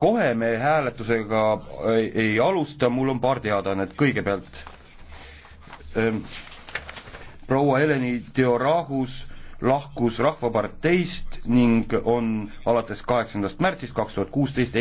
kohe me hääletusega ei, ei alusta, mul on paar teadaannet, kõigepealt ähm, proua Eleni Teorahus lahkus Rahvaparteist ning on alates kaheksandast märtsist kaks tuhat kuusteist